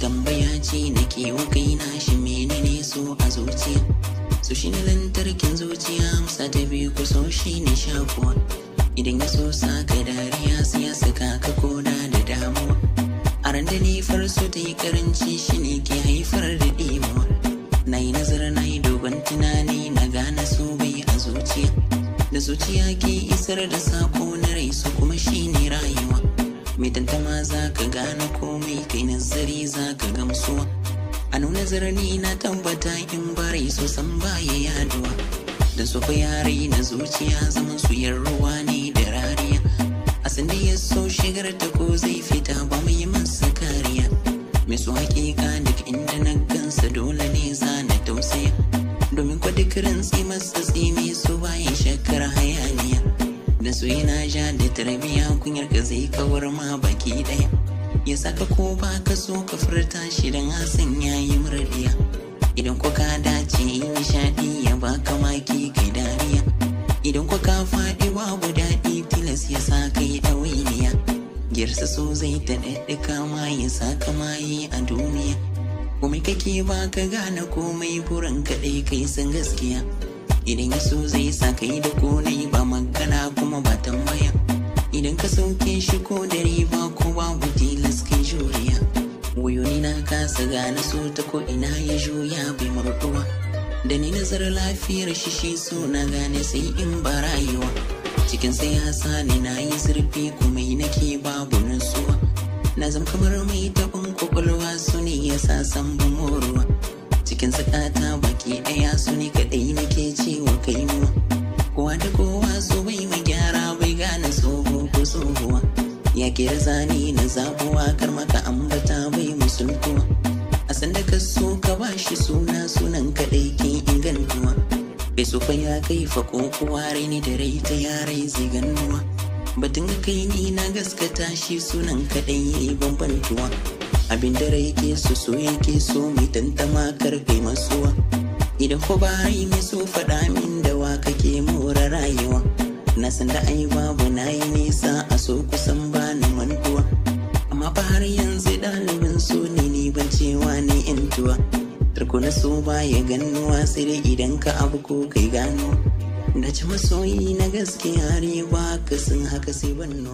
tambaya ce na kewa kaina shi menene so a zuciya so shi ne lantarkin zuciya amsa ta biyu ku shi ne idan ya so sa ka dariya sai ya saka ka koda zuciya ke isar da sako na rai su kuma shine rayuwa mai tantama za ka gane komai kai nazari za ka gamsuwa a nuna zarani na tambata in barai su san baya yaduwa da su fi yare na zuciya zaman su ruwa ne da rariya a sanda ya so shigar ta ko zai fita ba mu yi masa kariya mai su hakika duk inda na gansa dole ne za na tausaya domin kwa duk tsimi su bayan shekara so yana ja da tarbiya kunyar ka zai kawar ma baki daya ya saka ko ba ka so ka furta shi dan hasan yi murdiya idan ko ka dace yi nishadi ya ba ka maki kai dariya idan ko ka faɗi babu daɗi tilas ya sa kai ɗawainiya girsa so zai ta ɗaɗɗuka ma ya sa ka yi a duniya komai kake ba ka gane komai burin kaɗai kai san gaskiya idan ya so zai sa kai da konai ba magana tambaya idan ka sauke shi ko da riba ko babu tilas kai juriya ni na kasa gane so ta ko ina ya juya bai murɗuwa da ni nazar lafiyar shi shi so na gane sai in ba rayuwa cikin siyasa ne na yi zurfi kuma yi nake babu nutsuwa na zam kamar mai taɓin kwakwalwa su ne ya sa san ban cikin sakata baki ɗaya su ya kira zani na zabuwa kar maka ambata bai musultuwa a sanda ka so ka bashi suna sunan kaɗai ke ingantuwa bai so ya kai fa ko kuwa raini da rai ta yarai zai ganuwa batun kai ni na gaskata shi sunan kaɗai ya yi bambantuwa abin da rai ke so so yake so mai tantama kai masuwa idan ko ba yi mai so faɗa min da wa kake mora rayuwa na san ai babu na yi ne har yanzu ɗalibin su ne ni ban cewa ni intuwa tarko na su ba ya ganuwa sai dai idan ka abu ko kai gano na ci masoyi na gaske har yi ba ka haka sai banno